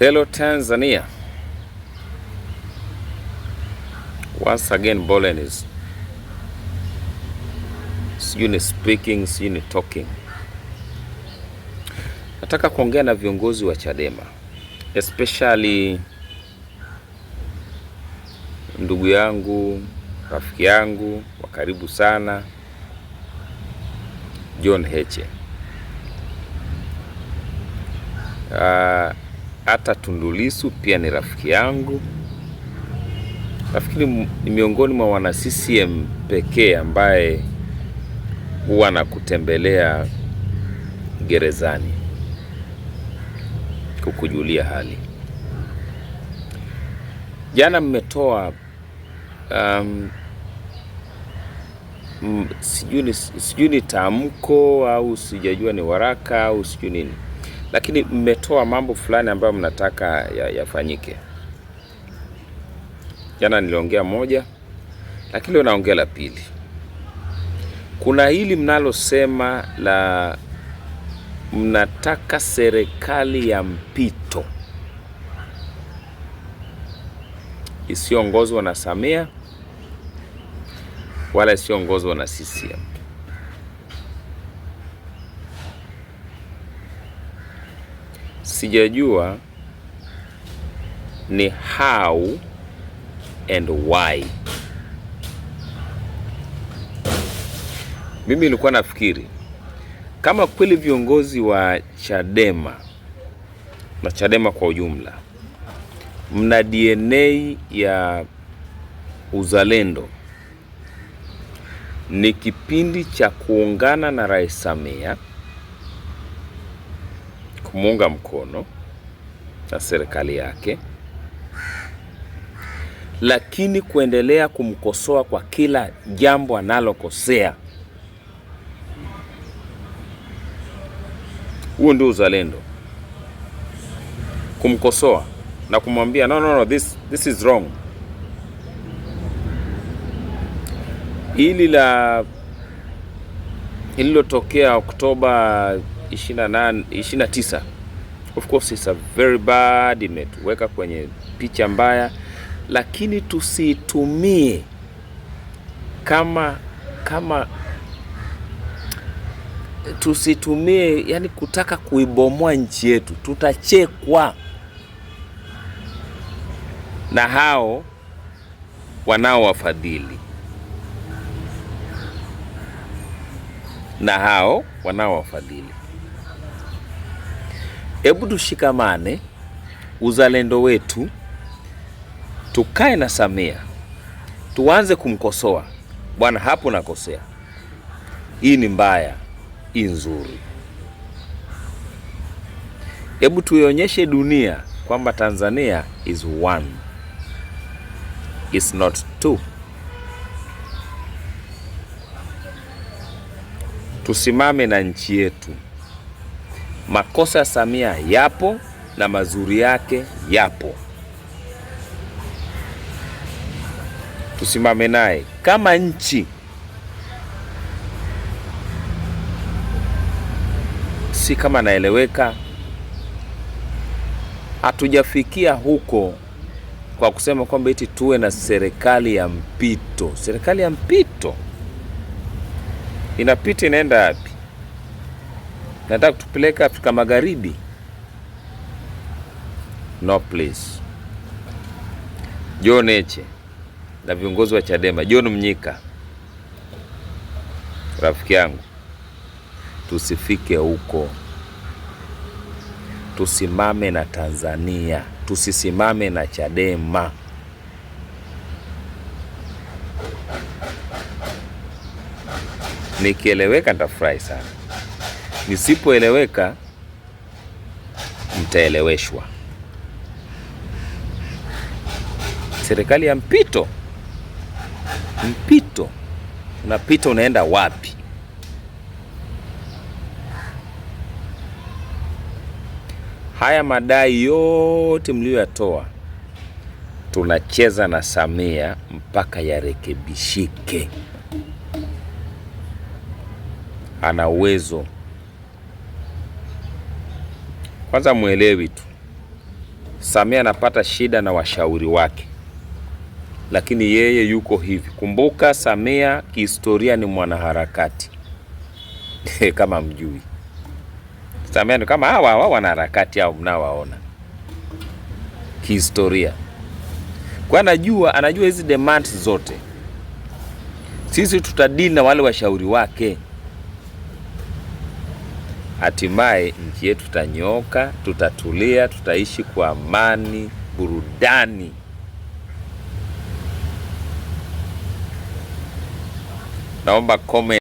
Hello Tanzania. Once again is Sijui ni speaking, sijui ni talking. Nataka kuongea na viongozi wa Chadema especially ndugu yangu, rafiki yangu wa karibu sana John Heche. Uh, hata tundulisu pia ni rafiki yangu. Nafikiri ni miongoni mwa wana CCM pekee ambaye huwa nakutembelea gerezani kukujulia hali. Jana mmetoa um, sijui ni tamko au sijajua ni waraka au sijui nini lakini mmetoa mambo fulani ambayo mnataka yafanyike. Ya jana niliongea moja, lakini leo naongea la pili. Kuna hili mnalosema la mnataka serikali ya mpito isiyoongozwa na Samia wala isiyoongozwa na CCM. sijajua ni how and why. Mimi nilikuwa nafikiri kama kweli viongozi wa Chadema na Chadema kwa ujumla mna DNA ya uzalendo, ni kipindi cha kuungana na Rais Samia kumuunga mkono na serikali yake, lakini kuendelea kumkosoa kwa kila jambo analokosea. Huo ndio uzalendo, kumkosoa na kumwambia no, no, no, this, this is wrong. Hili la ililotokea Oktoba tisa. Of course it's a very bad, imetuweka kwenye picha mbaya, lakini tusitumie kama kama tusitumie yani kutaka kuibomoa nchi yetu, tutachekwa na hao wanaowafadhili na hao wanaowafadhili hebu tushikamane, uzalendo wetu, tukae na Samia, tuanze kumkosoa bwana, hapo nakosea, hii ni mbaya, hii nzuri. Hebu tuionyeshe dunia kwamba Tanzania is one, is not two. Tusimame na nchi yetu. Makosa ya Samia yapo na mazuri yake yapo. Tusimame naye kama nchi. Si kama anaeleweka, hatujafikia huko kwa kusema kwamba eti tuwe na serikali ya mpito. Serikali ya mpito inapita inaenda wapi? nataka kutupeleka Afrika Magharibi? No please. John Heche na viongozi wa Chadema, John Mnyika, rafiki yangu, tusifike huko, tusimame na Tanzania, tusisimame na Chadema. Nikieleweka nitafurahi sana nisipoeleweka mtaeleweshwa. Serikali ya mpito, mpito unapita, unaenda wapi? Haya madai yote mliyoyatoa, tunacheza na Samia mpaka yarekebishike. Ana uwezo kwanza mwelewi tu, Samia anapata shida na washauri wake, lakini yeye yuko hivi. Kumbuka Samia kihistoria ni mwanaharakati eh, kama mjui Samia ni kama hawa hawa wanaharakati au mnawaona kihistoria, kwa anajua anajua hizi demands zote. Sisi tutadili na wale washauri wake hatimaye nchi yetu tanyoka, tutatulia, tutaishi kwa amani, burudani. Naomba comment.